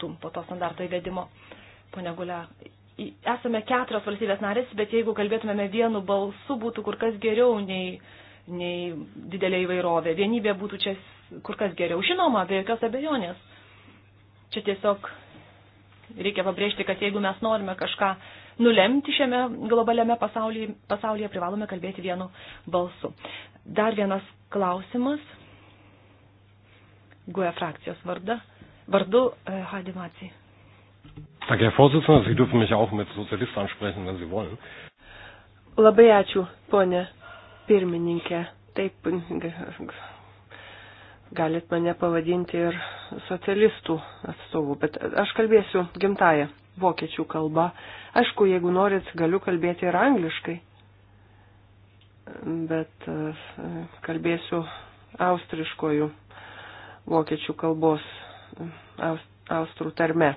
tų po to standarto įvedimo. Pone Gulė, esame keturios valstybės narės, bet jeigu kalbėtumėme vienu balsu, būtų kur kas geriau nei, nei didelė įvairovė. Vienybė būtų čia kur kas geriau. Žinoma, be jokios abejonės. Čia tiesiog reikia pabrėžti, kad jeigu mes norime kažką nulemti šiame globaliame pasaulyje, pasaulyje privalome kalbėti vienu balsu. Dar vienas klausimas. Guja e frakcijos vardas vardu Heidi eh, Maci. Danke, Herr Vorsitzender. Sie dürfen mich auch mit Sozialist ansprechen, wenn Sie wollen. Labai ačiū, ponė pirmininkė. Taip, galit mane pavadinti ir socialistų atstovų, bet aš kalbėsiu gimtają vokiečių kalbą. Aišku, jeigu norit, galiu kalbėti ir angliškai, bet eh, kalbėsiu austriškojų vokiečių kalbos austrų tarme.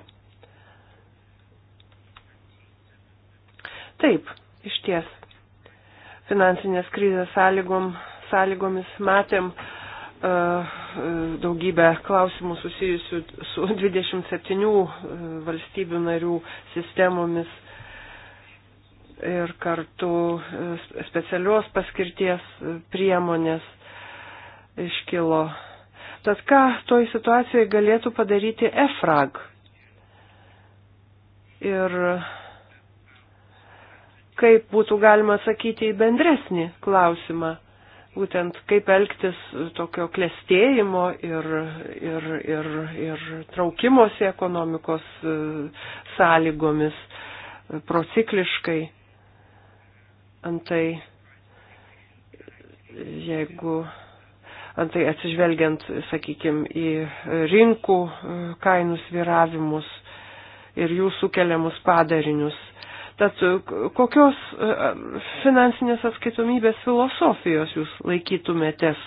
Taip, iš ties. Finansinės krizės sąlygom, sąlygomis matėm uh, daugybę klausimų susijusių su 27 e, valstybių narių sistemomis ir kartu specialios paskirties priemonės iškilo Tad ką toj situacijoje galėtų padaryti EFRAG? Ir kaip būtų galima atsakyti į bendresnį klausimą, būtent kaip elgtis tokio klestėjimo ir, ir, ir, ir traukimosi ekonomikos e, sąlygomis e, procikliškai. Antai, jeigu antai atsižvelgiant, sakykime, į rinkų e, kainų sviravimus ir jų sukeliamus padarinius. Tad e, kokios e, finansinės atskaitomybės filosofijos jūs laikytumėtės,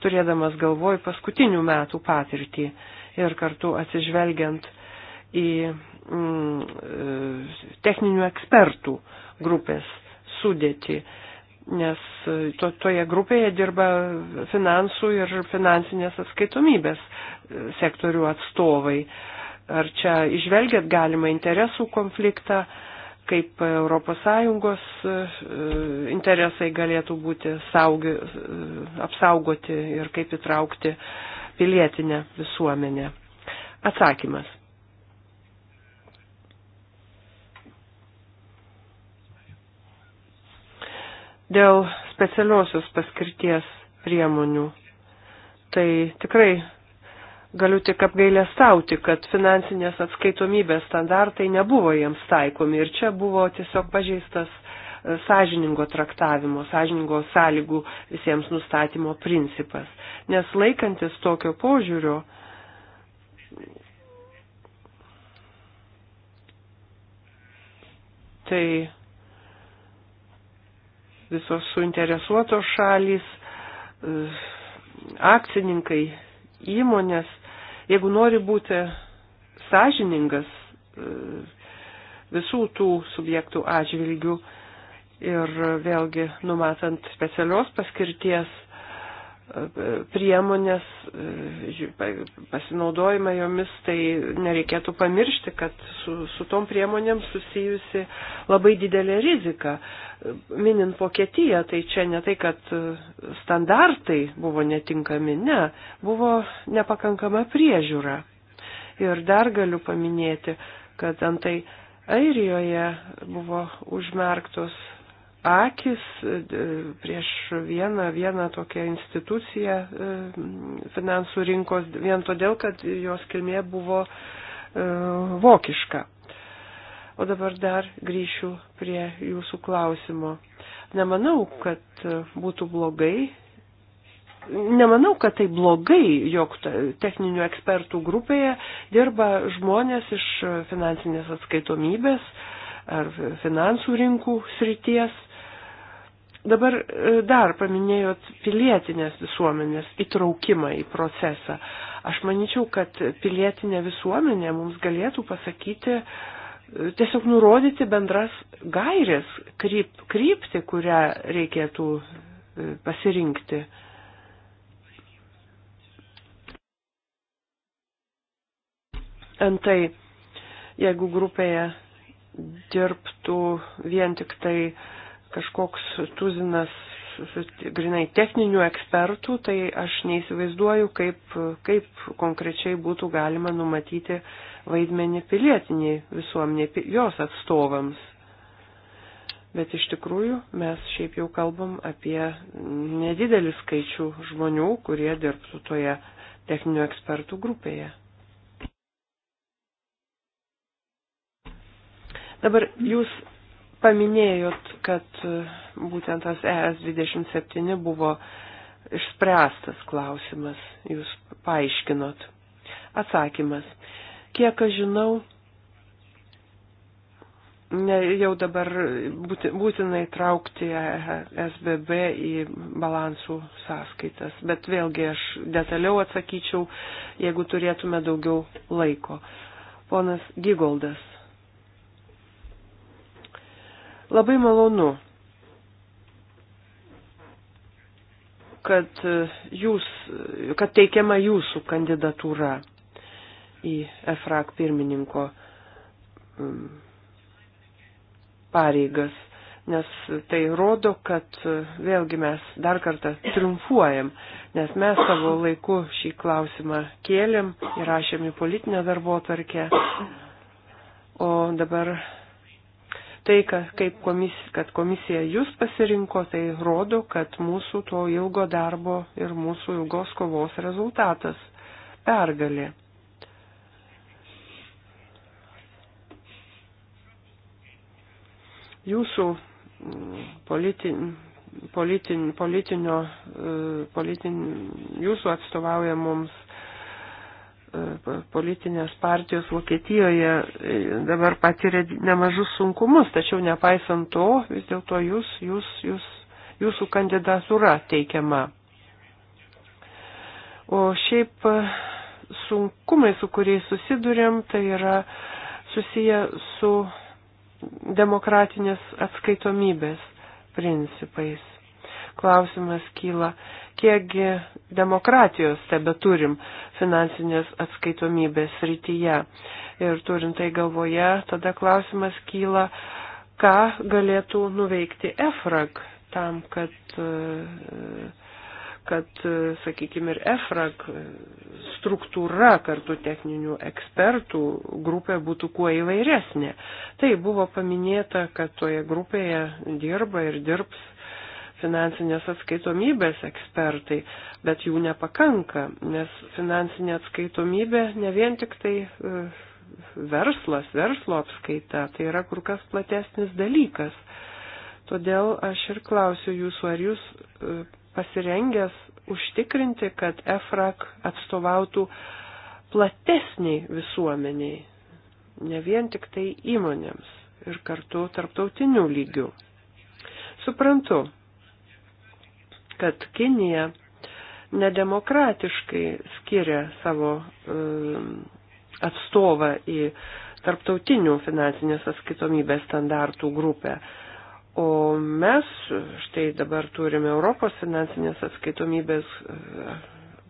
turėdamas galvoj paskutinių metų patirtį ir kartu atsižvelgiant į mm, techninių ekspertų grupės sudėtį nes e, to, toje grupėje dirba finansų ir finansinės atskaitomybės e, sektorių atstovai. Ar čia išvelgiat galima interesų konfliktą, kaip ES e, interesai galėtų būti saugi, apsaugoti ir kaip įtraukti pilietinę visuomenę? Atsakymas. Dėl specialiosios paskirties priemonių. Tai tikrai galiu tik apgailestauti, kad finansinės atskaitomybės standartai nebuvo jiems taikomi ir čia buvo tiesiog pažeistas e, sąžiningo traktavimo, sąžiningo sąlygų visiems nustatymo principas. Nes laikantis tokio požiūrio, tai visos suinteresuotos šalys, akcininkai, įmonės, jeigu nori būti sąžiningas e, visų tų subjektų atžvilgių ir vėlgi numatant specialios paskirties priemonės, e, pasinaudojimą jomis, tai nereikėtų pamiršti, kad su, su tom priemonėm susijusi labai didelė rizika. Minint Vokietiją, tai čia ne tai, kad standartai buvo netinkami, ne, buvo nepakankama priežiūra. Ir dar galiu paminėti, kad antai Airijoje buvo užmerktos akis prieš vieną, vieną tokią instituciją e, finansų rinkos vien todėl, kad jos kilmė buvo e, vokiška. O dabar dar grįšiu prie jūsų klausimo. Nemanau, kad būtų blogai. Nemanau, kad tai blogai, jog techninių ekspertų grupėje dirba žmonės iš finansinės atskaitomybės ar finansų rinkų srities Dabar e, dar paminėjot pilietinės visuomenės įtraukimą į procesą. Aš manyčiau, kad pilietinė visuomenė mums galėtų pasakyti, e, tiesiog nurodyti bendras gairės, kryp, krypti, kurią reikėtų e, pasirinkti. Antai, jeigu grupėje dirbtų vien tik tai uh, kažkoks tuzinas grinai techninių ekspertų, tai aš neįsivaizduoju, kaip, kaip konkrečiai būtų galima numatyti vaidmenį pilietiniai visuomeniai, jos atstovams. Bet iš tikrųjų mes šiaip jau kalbam apie nedidelį skaičių žmonių, kurie dirbtų toje techninių ekspertų grupėje. Dabar jūs paminėjot, kad būtent tas ES 27 buvo išspręstas klausimas, jūs paaiškinot. Atsakymas. Kiek aš žinau, ne, jau dabar būtinai traukti e SBB į balansų sąskaitas, bet vėlgi aš detaliau atsakyčiau, jeigu turėtume daugiau laiko. Ponas Gigoldas. Labai malonu, kad, e, jūs, kad teikiama jūsų kandidatūra į EFRAK pirmininko pareigas, nes tai rodo, kad e, vėlgi mes dar kartą triumfuojam, nes mes savo laiku šį klausimą kėlėm, įrašėm į politinę darbo tarkę, o dabar tai, kaip komis, kad komisija jūs pasirinko, tai rodo, kad mūsų to ilgo darbo ir mūsų ilgos kovos rezultatas - pergalė. Jūsų mm, politin, politin, politinio, e, politin, jūsų atstovaujamoms politinės partijos Vokietijoje e, dabar patiria nemažus sunkumus, tačiau nepaisant to, vis dėlto jūs, jūs, jūs, jūsų kandidatūra teikiama. O šiaip e, sunkumai, su kuriais susidurėm, tai yra susiję su demokratinės atskaitomybės principais klausimas kyla, kiekgi demokratijos tebe turim finansinės atskaitomybės rytyje. Ir turint tai galvoje, tada klausimas kyla, ką galėtų nuveikti EFRAG tam, kad, kad sakykime, ir EFRAG struktūra kartu techninių ekspertų grupė būtų kuo įvairesnė. Tai buvo paminėta, kad toje grupėje dirba ir dirbs finansinės atskaitomybės ekspertai, bet jų nepakanka, nes finansinė atskaitomybė ne vien tik tai e, verslas, verslo apskaita, tai yra kur kas platesnis dalykas. Todėl aš ir klausiu jūsų, ar jūs e, pasirengęs užtikrinti, kad EFRAK atstovautų platesniai visuomeniai, ne vien tik tai įmonėms ir kartu tarptautinių lygių. Suprantu, kad Kinija nedemokratiškai skiria savo um, atstovą į tarptautinių finansinės atskaitomybės standartų grupę. O mes štai dabar turime Europos finansinės atskaitomybės uh,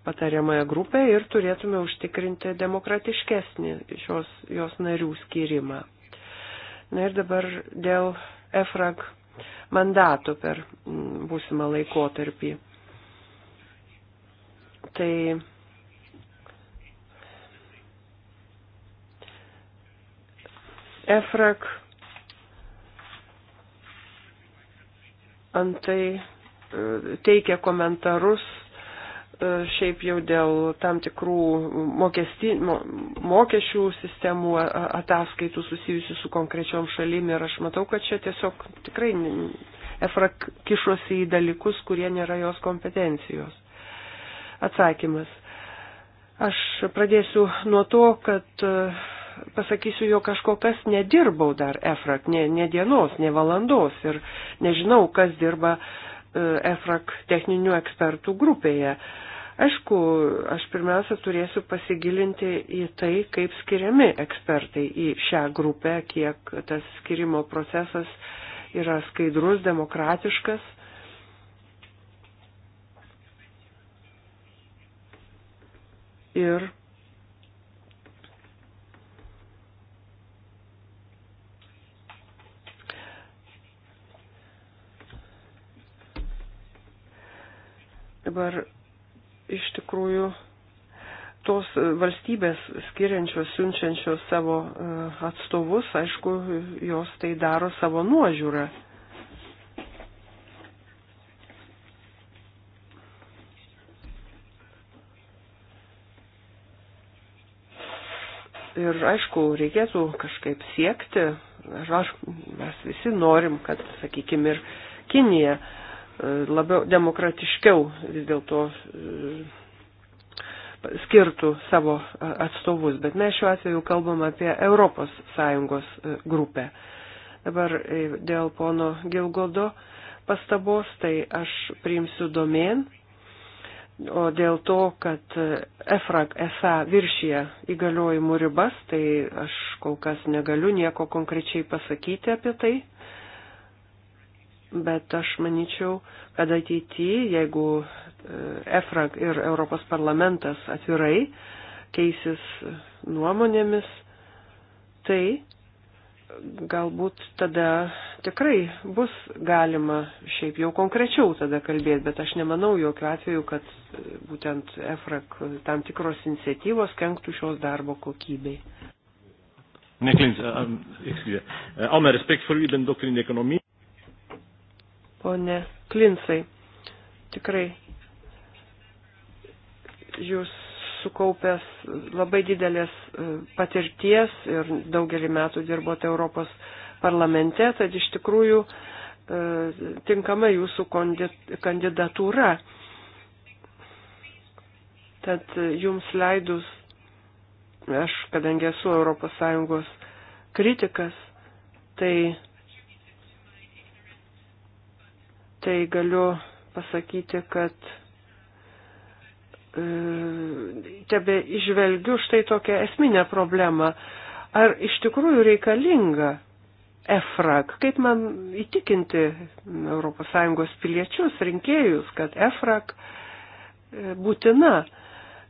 patariamąją grupę ir turėtume užtikrinti demokratiškesnį šios jos narių skirimą. Na ir dabar dėl EFRAG mandatų per mm, būsimą laikotarpį. Tai Efrak antai e, teikia komentarus E, šiaip jau dėl tam tikrų mokesti, mokesčių sistemų ataskaitų susijusių su konkrečiom šalim ir aš matau, kad čia tiesiog tikrai Efra kišosi į dalykus, kurie nėra jos kompetencijos. Atsakymas. Aš pradėsiu nuo to, kad e, pasakysiu, jog aš kol kas nedirbau dar EFRAK, ne, ne dienos, ne valandos ir nežinau, kas dirba e, EFRAK techninių ekspertų grupėje. Uh, Aišku, aš pirmiausia turėsiu pasigilinti į tai, kaip skiriami ekspertai į šią grupę, kiek tas skirimo procesas yra skaidrus, demokratiškas. Ir dabar iš tikrųjų tos valstybės skiriančios, siunčiančios savo e, atstovus, aišku, jos tai daro savo nuožiūrą. Ir aišku, reikėtų kažkaip siekti, aš, mes visi norim, kad, sakykime, ir Kinija uh, labiau demokratiškiau vis dėlto e, skirtų savo e, atstovus, bet mes šiuo atveju kalbam apie Europos Sąjungos e, grupę. Dabar dėl pono Gilgodo pastabos, tai aš priimsiu domen, o dėl to, kad EFRAG esą viršyje įgaliojimų ribas, tai aš kol kas negaliu nieko konkrečiai pasakyti apie tai. Bet aš manyčiau, kad ateityje, jeigu e, EFRAG ir Europos parlamentas atvirai keisis nuomonėmis, tai galbūt tada tikrai bus galima šiaip jau konkrečiau tada kalbėti, bet aš nemanau jokių atveju, kad e, būtent EFRAG tam tikros iniciatyvos kenktų šios darbo kokybei. Meneer Klins, uh, um, excuseer. Uh, al mijn respect voor u, u bent dokter in de economie ponė Klinsai. Tikrai jūs sukaupęs labai didelės e, patirties ir daugelį metų dirbote Europos parlamente, tad iš tikrųjų e, tinkama jūsų kandidatūra. Tad e, jums leidus, aš kadangi esu ES kritikas, tai tai galiu pasakyti, kad e, tebe išvelgiu štai tokią esminę problemą. Ar iš tikrųjų reikalinga EFRAG? Kaip man įtikinti ES piliečius, rinkėjus, kad EFRAG e, būtina?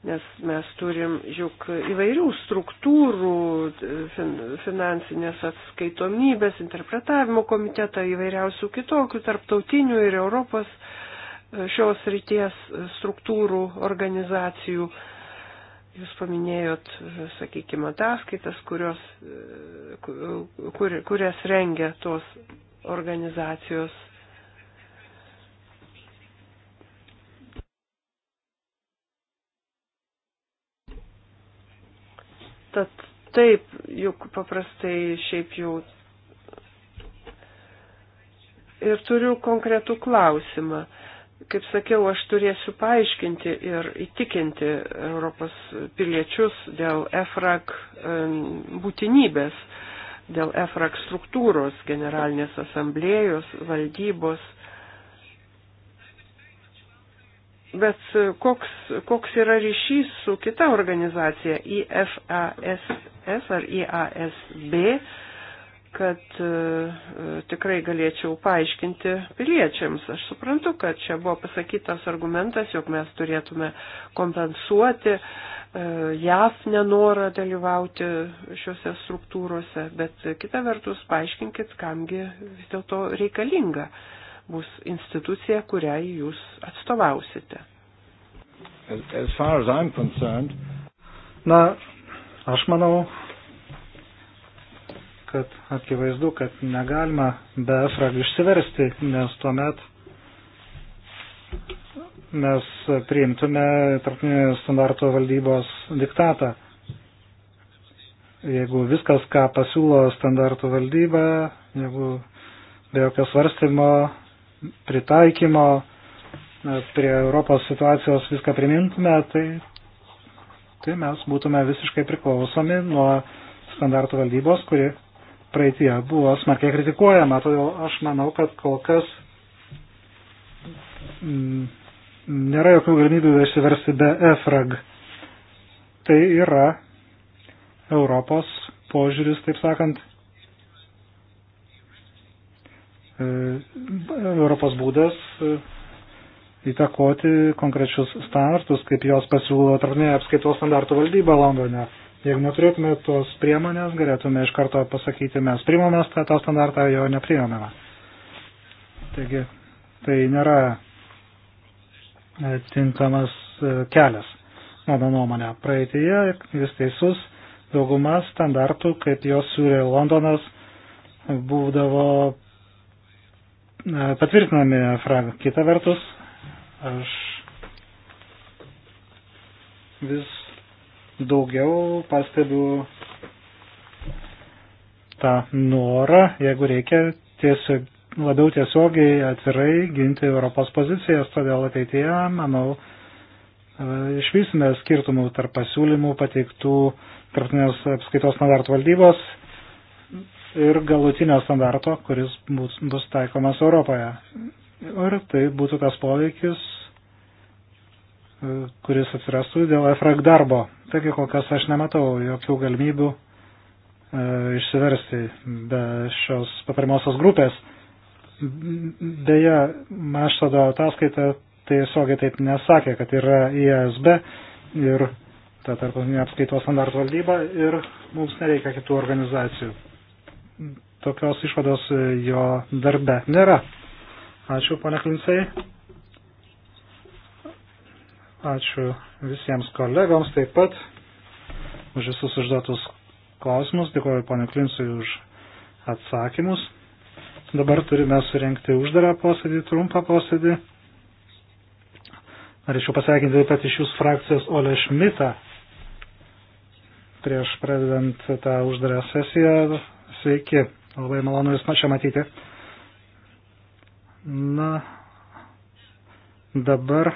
nes mes turim juk įvairių struktūrų, fin, finansinės atskaitomybės, interpretavimo komitetą, įvairiausių kitokių tarptautinių ir Europos e, šios ryties struktūrų organizacijų. Jūs paminėjot, e, sakykime, ataskaitas, kurios, e, kur, kurias rengia tos organizacijos Tad taip, juk paprastai šiaip jau. Ir turiu konkretų klausimą. Kaip sakiau, aš turėsiu paaiškinti ir įtikinti Europos piliečius dėl EFRAG e, būtinybės, dėl EFRAG struktūros, generalinės asamblėjos, valdybos Bet koks, koks yra ryšys su kita organizacija IFASS ar IASB, kad e, tikrai galėčiau paaiškinti piliečiams. Aš suprantu, kad čia buvo pasakytas argumentas, jog mes turėtume kompensuoti e, JAF nenorą dalyvauti šiuose struktūrose, bet kita vertus paaiškinkit, kamgi vis dėlto reikalinga. E, bus institucija, kuriai jūs atstovausite. As, as far as I'm concerned, Na, aš manau, kad akivaizdu, kad negalima be EFRAG išsiversti, nes tuomet mes priimtume tarptautinio standarto valdybos diktatą. Jeigu viskas, ką pasiūlo standartų valdyba, jeigu be jokio svarstymo pritaikymo e, prie Europos situacijos viską primintume, tai, tai mes būtume visiškai priklausomi nuo standartų valdybos, kuri praeitie buvo smarkiai kritikuojama. Todėl aš manau, kad kol kas mm, nėra jokių galimybių išsiversti be EFRAG. Tai yra Europos požiūris, taip sakant, E, Europos būdas e, įtakoti konkrečius standartus, kaip jos pasiūlo tarptautinė apskaitos standartų valdyba Londone. Jeigu neturėtume tos priemonės, galėtume iš karto pasakyti, mes priimame tą, tą standartą, jo nepriimame. Taigi, tai nėra e, tinkamas kelias, mano nuomonė. Praeitėje jis teisus, dauguma standartų, kaip jos siūlė Londonas, būdavo patvirtinami frag. Kita vertus, aš vis daugiau pastebiu tą norą, jeigu reikia, tiesiog, labiau tiesiogiai atvirai ginti Europos pozicijas, todėl ateityje, manau, e, išvysime skirtumų tarp pasiūlymų pateiktų tarptinės apskaitos standartų valdybos ir galutinio standarto, kuris bus, bus taikomas Europoje. Ir tai būtų tas poveikis, e, kuris atsirastų dėl EFRAG darbo. Taigi kol kas aš nematau jokių galimybių e, išsiversti be šios patarimosios grupės. Deja, Maštado ataskaita tiesiogiai taip nesakė, kad yra ISB ir ta tarptautinė apskaitos standartų valdyba ir mums nereikia kitų organizacijų tokios išvados e, jo darbe nėra. Ačiū, pane Klincai. Ačiū visiems kolegoms taip pat už visus užduotus klausimus. Dėkuoju pane Klincui už atsakymus. Dabar turime surenkti uždarą posėdį, trumpą posėdį. Norėčiau pasveikinti taip pat iš jūsų frakcijos Ole Šmitą prieš pradedant tą uždarą sesiją Sveiki, labai malonu Jūs čia matyti. Na, dabar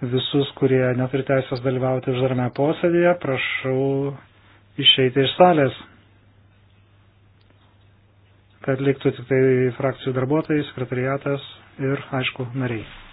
visus, kurie neturi teisės dalyvauti uždarame posėdėje, prašau išeiti iš salės, kad liktų tik tai frakcijų darbuotojai, sekretariatas ir, aišku, nariai.